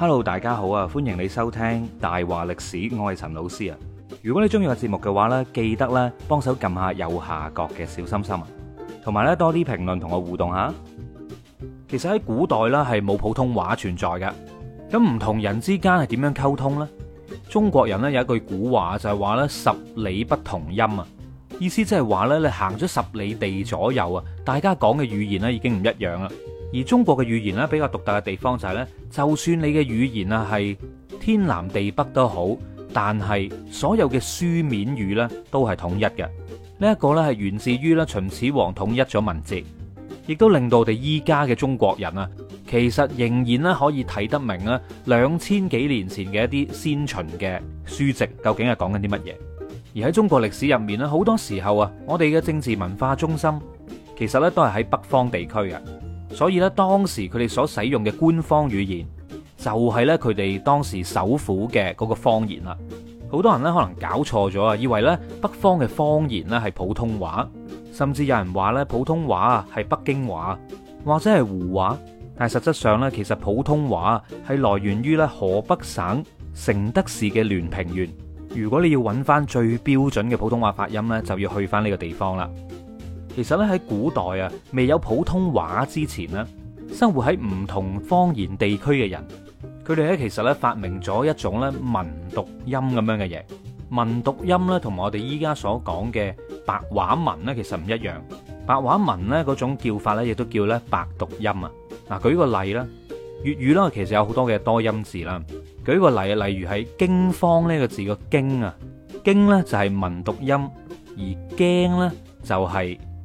Hello，大家好啊！歡迎你收聽大話歷史，我係陳老師啊。如果你中意我節目嘅話呢，記得咧幫手撳下右下角嘅小心心啊，同埋咧多啲評論同我互動下。其實喺古代呢，係冇普通話存在嘅，咁唔同人之間係點樣溝通呢？中國人呢，有一句古話就係話咧十里不同音啊，意思即係話咧你行咗十里地左右啊，大家講嘅語言咧已經唔一樣啦。而中國嘅語言咧比較獨特嘅地方就係咧，就算你嘅語言啊係天南地北都好，但係所有嘅書面語咧都係統一嘅。呢一個咧係源自於咧秦始皇統一咗文字，亦都令到我哋依家嘅中國人啊，其實仍然咧可以睇得明啊兩千幾年前嘅一啲先秦嘅書籍究竟係講緊啲乜嘢。而喺中國歷史入面咧，好多時候啊，我哋嘅政治文化中心其實咧都係喺北方地區嘅。所以咧，當時佢哋所使用嘅官方語言就係咧佢哋當時首府嘅嗰個方言啦。好多人咧可能搞錯咗啊，以為呢北方嘅方言呢係普通話，甚至有人話呢普通話啊係北京話或者係胡話。但係實質上呢，其實普通話係來源於咧河北省承德市嘅灤平縣。如果你要揾翻最標準嘅普通話發音呢，就要去翻呢個地方啦。其實咧喺古代啊，未有普通話之前咧，生活喺唔同方言地區嘅人，佢哋咧其實咧發明咗一種咧文讀音咁樣嘅嘢。文讀音咧同我哋依家所講嘅白話文咧其實唔一樣。白話文咧嗰種叫法咧亦都叫咧白讀音啊。嗱，舉個例啦，粵語啦，其實有好多嘅多音字啦。舉個例，例如係驚慌呢個字個驚啊，驚咧就係文讀音，而驚咧就係、是。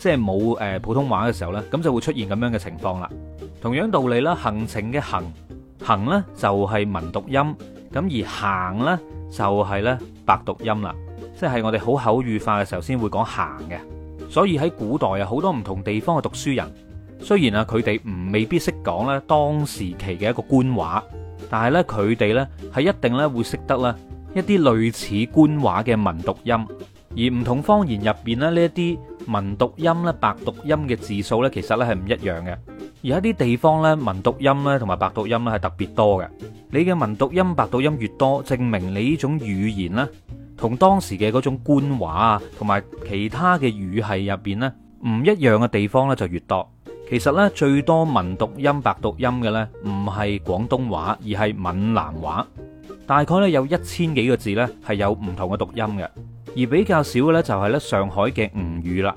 即係冇誒普通話嘅時候呢，咁就會出現咁樣嘅情況啦。同樣道理啦，行程嘅行行呢，就係文讀音，咁而行呢，就係呢白讀音啦。即係我哋好口語化嘅時候先會講行嘅。所以喺古代啊，好多唔同地方嘅讀書人，雖然啊佢哋唔未必識講呢當時期嘅一個官話，但係呢，佢哋呢係一定呢會識得呢一啲類似官話嘅文讀音，而唔同方言入邊呢呢一啲。文讀音咧、白讀音嘅字數咧，其實咧係唔一樣嘅。而一啲地方咧，文讀音咧同埋白讀音咧係特別多嘅。你嘅文讀音、白讀音越多，證明你呢種語言咧，同當時嘅嗰種官話啊、同埋其他嘅語系入邊咧唔一樣嘅地方咧就越多。其實咧最多文讀音、白讀音嘅咧，唔係廣東話，而係閩南話，大概咧有一千幾個字咧係有唔同嘅讀音嘅。而比較少嘅呢，就係呢上海嘅吳語啦，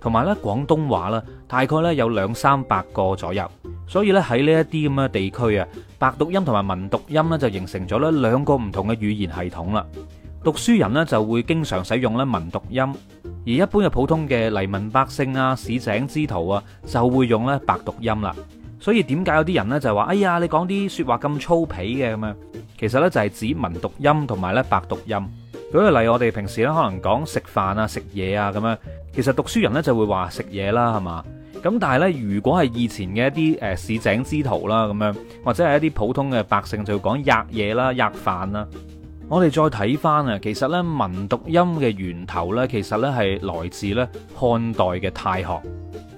同埋呢廣東話啦，大概呢有兩三百個左右。所以呢，喺呢一啲咁嘅地區啊，白讀音同埋文讀音呢，就形成咗呢兩個唔同嘅語言系統啦。讀書人呢，就會經常使用呢文讀音，而一般嘅普通嘅黎民百姓啊、市井之徒啊就會用呢白讀音啦。所以點解有啲人呢，就話：哎呀，你講啲説話咁粗鄙嘅咁樣。其實呢，就係指文讀音同埋呢白讀音。舉個例，我哋平時咧可能講食飯啊、食嘢啊咁樣，其實讀書人咧就會話食嘢啦，係嘛？咁但係咧，如果係以前嘅一啲誒市井之徒啦咁樣，或者係一啲普通嘅百姓，就會講呷嘢啦、呷飯啦。我哋再睇翻啊，其實咧文讀音嘅源頭咧，其實咧係來自咧漢代嘅太學。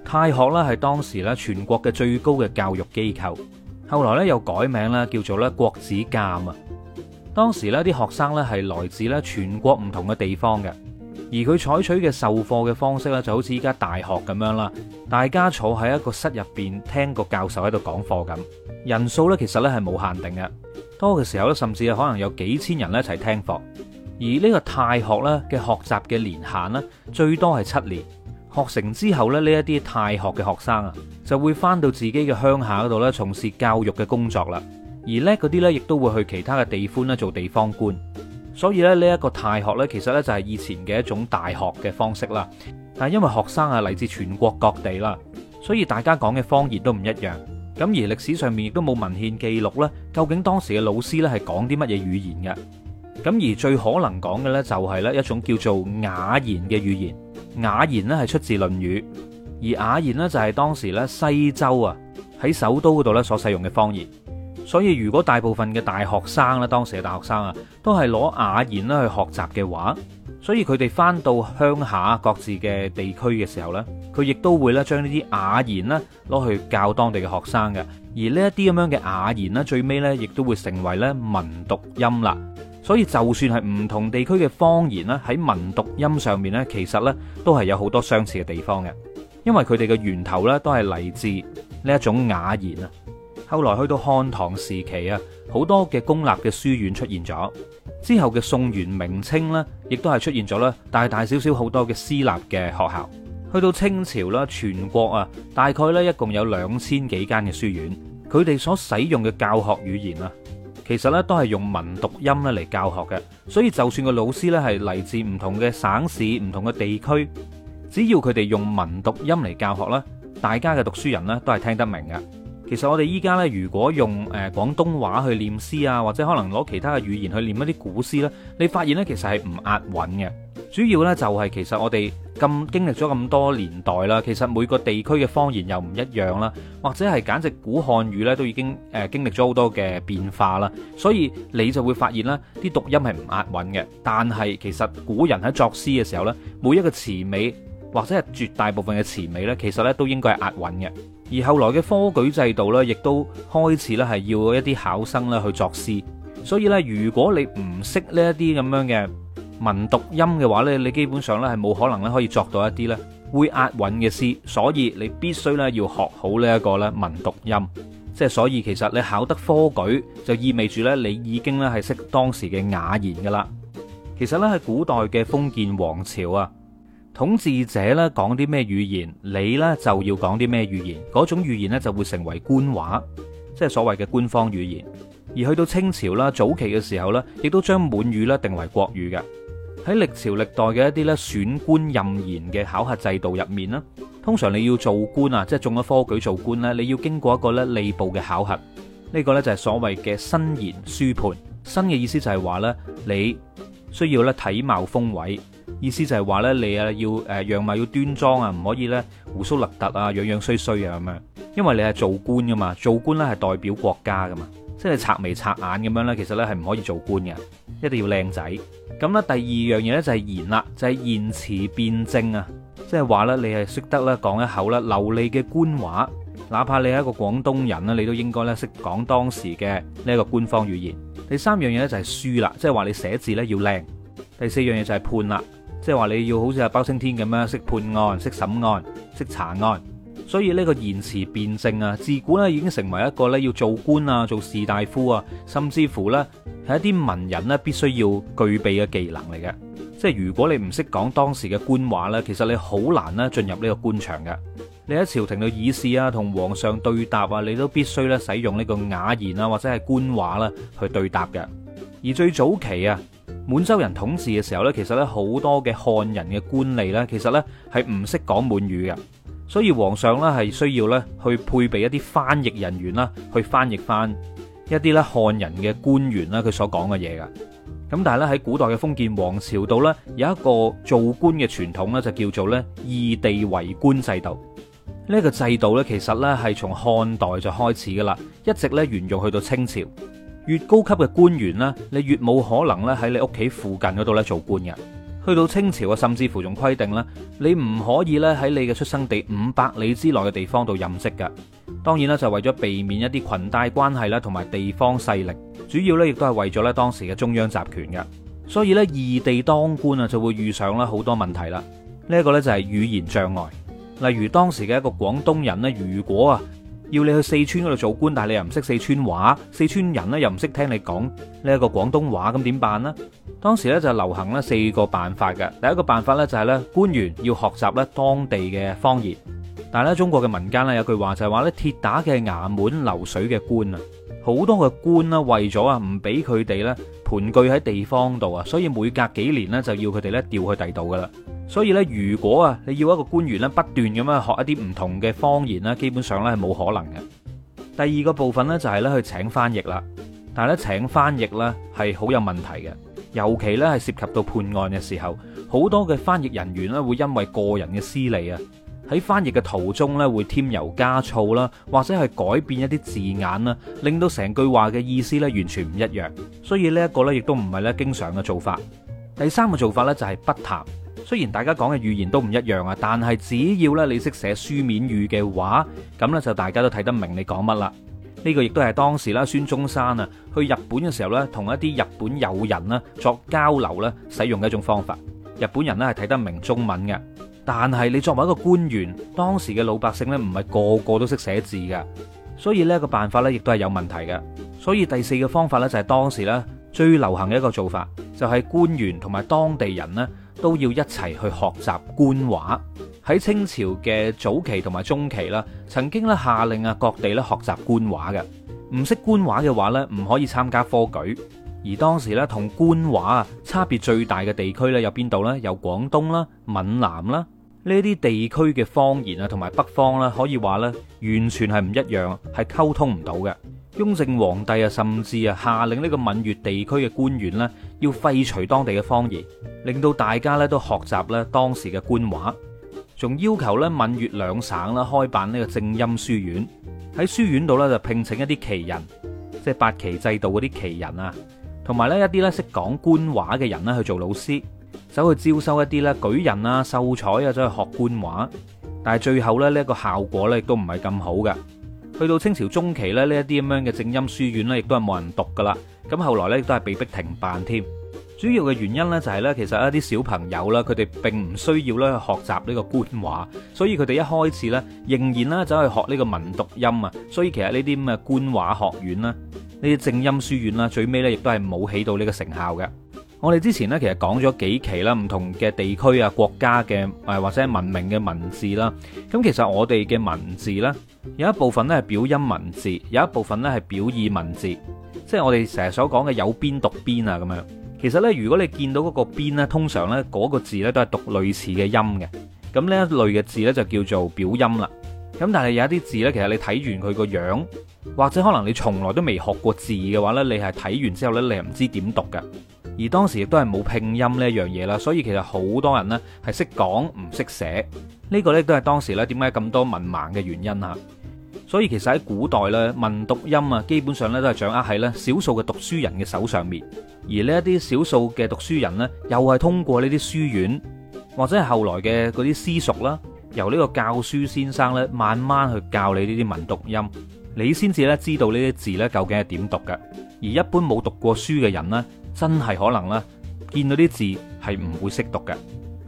太學咧係當時咧全國嘅最高嘅教育機構，後來咧又改名啦叫做咧國子監啊。當時咧，啲學生咧係來自咧全國唔同嘅地方嘅，而佢採取嘅授課嘅方式咧，就好似依家大學咁樣啦，大家坐喺一個室入邊聽個教授喺度講課咁。人數咧，其實咧係冇限定嘅，多嘅時候咧，甚至係可能有幾千人一齊聽課。而呢個太學咧嘅學習嘅年限呢，最多係七年。學成之後咧，呢一啲太學嘅學生啊，就會翻到自己嘅鄉下嗰度咧從事教育嘅工作啦。而呢嗰啲呢，亦都會去其他嘅地方咧做地方官，所以咧呢一個太學呢，其實呢，就係以前嘅一種大學嘅方式啦。但係因為學生啊嚟自全國各地啦，所以大家講嘅方言都唔一樣。咁而歷史上面亦都冇文獻記錄呢，究竟當時嘅老師呢係講啲乜嘢語言嘅？咁而最可能講嘅呢，就係呢一種叫做雅言嘅語言。雅言呢係出自《論語》，而雅言呢，就係當時呢，西周啊喺首都嗰度呢所使用嘅方言。所以如果大部分嘅大學生咧，當時嘅大學生啊，都係攞雅言咧去學習嘅話，所以佢哋翻到鄉下各自嘅地區嘅時候咧，佢亦都會咧將呢啲雅言咧攞去教當地嘅學生嘅。而呢一啲咁樣嘅雅言咧，最尾咧亦都會成為咧文讀音啦。所以就算係唔同地區嘅方言咧，喺文讀音上面咧，其實咧都係有好多相似嘅地方嘅，因為佢哋嘅源頭咧都係嚟自呢一種雅言啊。後來去到漢唐時期啊，好多嘅公立嘅書院出現咗。之後嘅宋元明清呢，亦都係出現咗啦，大大小小好多嘅私立嘅學校。去到清朝啦，全國啊，大概咧一共有兩千幾間嘅書院。佢哋所使用嘅教學語言啊，其實呢，都係用文讀音咧嚟教學嘅。所以就算個老師呢，係嚟自唔同嘅省市、唔同嘅地區，只要佢哋用文讀音嚟教學啦，大家嘅讀書人呢，都係聽得明嘅。其實我哋依家咧，如果用誒廣東話去念詩啊，或者可能攞其他嘅語言去念一啲古詩咧，你發現咧其實係唔押韻嘅。主要呢，就係其實我哋咁經歷咗咁多年代啦，其實每個地區嘅方言又唔一樣啦，或者係簡直古漢語呢都已經誒經歷咗好多嘅變化啦，所以你就會發現咧啲讀音係唔押韻嘅。但係其實古人喺作詩嘅時候呢，每一個詞尾或者係絕大部分嘅詞尾呢，其實呢都應該係押韻嘅。而後來嘅科舉制度呢，亦都開始咧係要一啲考生咧去作詩，所以呢，如果你唔識呢一啲咁樣嘅文讀音嘅話呢，你基本上咧係冇可能咧可以作到一啲咧會押韻嘅詩，所以你必須咧要學好呢一個咧文讀音，即係所以其實你考得科舉就意味住咧你已經咧係識當時嘅雅言㗎喇。其實呢，喺古代嘅封建王朝啊。統治者咧講啲咩語言，你咧就要講啲咩語言，嗰種語言咧就會成為官話，即係所謂嘅官方語言。而去到清朝啦，早期嘅時候咧，亦都將滿語咧定為國語嘅。喺歷朝歷代嘅一啲咧選官任賢嘅考核制度入面啦，通常你要做官啊，即係中咗科舉做官咧，你要經過一個咧吏部嘅考核，呢、這個咧就係所謂嘅身言書判。身嘅意思就係話咧，你需要咧體貌豐偉。意思就係話呢你啊要誒樣貌要端莊啊，唔可以呢胡鬚立突啊，樣樣衰衰啊咁樣。因為你係做官噶嘛，做官呢係代表國家噶嘛，即係擦眉擦眼咁樣呢，其實呢係唔可以做官嘅，一定要靚仔。咁呢，第二樣嘢呢就係言啦，就係、是、言辭辯證啊，即係話呢你係識得呢講一口啦流利嘅官話，哪怕你係一個廣東人呢，你都應該呢識講當時嘅呢個官方語言。第三樣嘢呢就係書啦，即係話你寫字呢要靚。第四樣嘢就係判啦。即係話你要好似阿包青天咁樣識判案、識審案、識查案，所以呢個言辭辯證啊，自古咧已經成為一個咧要做官啊、做士大夫啊，甚至乎呢係一啲文人呢必須要具備嘅技能嚟嘅。即係如果你唔識講當時嘅官話呢，其實你好難呢進入呢個官場嘅。你喺朝廷嘅議事啊，同皇上對答啊，你都必須咧使用呢個雅言啊，或者係官話咧去對答嘅。而最早期啊。滿洲人統治嘅時候呢，其實咧好多嘅漢人嘅官吏呢，其實咧係唔識講滿語嘅，所以皇上呢，係需要呢去配備一啲翻譯人員啦，去翻譯返一啲咧漢人嘅官員啦佢所講嘅嘢㗎。咁但係咧喺古代嘅封建王朝度呢，有一個做官嘅傳統呢，就叫做呢異地為官制度。呢個制度呢，其實呢係從漢代就開始㗎喇，一直呢沿用去到清朝。越高級嘅官員呢，你越冇可能咧喺你屋企附近嗰度咧做官嘅。去到清朝啊，甚至乎仲規定呢，你唔可以咧喺你嘅出生地五百里之內嘅地方度任職嘅。當然啦，就為咗避免一啲裙帶關係啦，同埋地方勢力，主要咧亦都係為咗咧當時嘅中央集權嘅。所以呢異地當官啊，就會遇上咧好多問題啦。呢一個咧就係語言障礙，例如當時嘅一個廣東人呢，如果啊。要你去四川嗰度做官，但係你又唔識四川話，四川人咧又唔識聽你講呢一個廣東話，咁點辦咧？當時咧就流行咧四個辦法嘅，第一個辦法咧就係咧官員要學習咧當地嘅方言，但係咧中國嘅民間咧有句話就係話咧鐵打嘅衙門流水嘅官啊，好多嘅官啊為咗啊唔俾佢哋咧盤踞喺地方度啊，所以每隔幾年咧就要佢哋咧調去第度噶啦。所以咧，如果啊，你要一個官員咧，不斷咁樣學一啲唔同嘅方言咧，基本上咧係冇可能嘅。第二個部分呢，就係咧去請翻譯啦，但係咧請翻譯咧係好有問題嘅，尤其咧係涉及到判案嘅時候，好多嘅翻譯人員咧會因為個人嘅私利啊，喺翻譯嘅途中咧會添油加醋啦，或者係改變一啲字眼啦，令到成句話嘅意思咧完全唔一樣。所以呢一個咧亦都唔係咧經常嘅做法。第三個做法咧就係筆談。雖然大家講嘅語言都唔一樣啊，但係只要咧你識寫書面語嘅話，咁呢就大家都睇得明你講乜啦。呢個亦都係當時啦，孫中山啊去日本嘅時候呢，同一啲日本友人呢作交流呢使用嘅一種方法。日本人呢係睇得明中文嘅，但係你作為一個官員，當時嘅老百姓呢唔係個個都識寫字㗎，所以呢個辦法呢亦都係有問題嘅。所以第四個方法呢，就係當時呢最流行嘅一個做法，就係官員同埋當地人呢，都要一齊去學習官話。喺清朝嘅早期同埋中期啦，曾經咧下令啊，各地咧學習官話嘅。唔識官話嘅話咧，唔可以參加科舉。而當時咧，同官話啊差別最大嘅地區咧，有邊度咧？有廣東啦、閩南啦呢啲地區嘅方言啊，同埋北方啦，可以話咧，完全係唔一樣，係溝通唔到嘅。雍正皇帝啊，甚至啊，下令呢個閩粵地區嘅官員咧。要廢除當地嘅方言，令到大家咧都學習咧當時嘅官話，仲要求咧閩粵兩省啦開辦呢個正音書院。喺書院度咧就聘請一啲旗人，即係八旗制度嗰啲旗人啊，同埋咧一啲咧識講官話嘅人咧去做老師，走去招收一啲咧舉人啊、秀才啊走去學官話。但係最後咧呢一個效果咧都唔係咁好嘅。去到清朝中期咧，呢一啲咁樣嘅正音書院咧亦都係冇人讀㗎喇。咁後來咧都係被逼停辦添，主要嘅原因咧就係咧，其實一啲小朋友咧，佢哋並唔需要咧去學習呢個官話，所以佢哋一開始咧仍然咧走去學呢個文讀音啊，所以其實呢啲咁嘅官話學院啦、呢啲正音書院啦，最尾咧亦都係冇起到呢個成效嘅。我哋之前咧其實講咗幾期啦，唔同嘅地區啊、國家嘅誒或者係文明嘅文字啦，咁其實我哋嘅文字咧有一部分咧係表音文字，有一部分咧係表意文字。即係我哋成日所講嘅有邊讀邊啊咁樣，其實呢，如果你見到嗰個邊呢，通常呢嗰個字呢都係讀類似嘅音嘅，咁呢一類嘅字呢，就叫做表音啦。咁但係有一啲字呢，其實你睇完佢個樣，或者可能你從來都未學過字嘅話呢，你係睇完之後呢，你又唔知點讀嘅。而當時亦都係冇拼音呢一樣嘢啦，所以其實好多人呢係識講唔識寫，呢個呢，都係當時呢點解咁多文盲嘅原因嚇。所以其實喺古代咧，文讀音啊，基本上咧都係掌握喺咧少數嘅讀書人嘅手上面。而呢一啲少數嘅讀書人呢，又係通過呢啲書院或者係後來嘅嗰啲私塾啦，由呢個教書先生咧慢慢去教你呢啲文讀音，你先至咧知道呢啲字咧究竟係點讀嘅。而一般冇讀過書嘅人呢，真係可能咧見到啲字係唔會識讀嘅。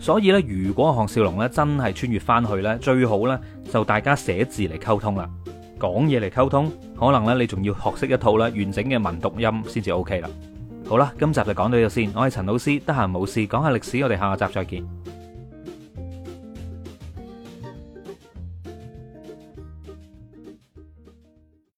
所以咧，如果項少龍咧真係穿越翻去咧，最好咧就大家寫字嚟溝通啦。講嘢嚟溝通，可能咧你仲要學識一套啦，完整嘅文讀音先至 OK 啦。好啦，今集就講到呢度先。我係陳老師，得閒冇事講下歷史，我哋下集再見。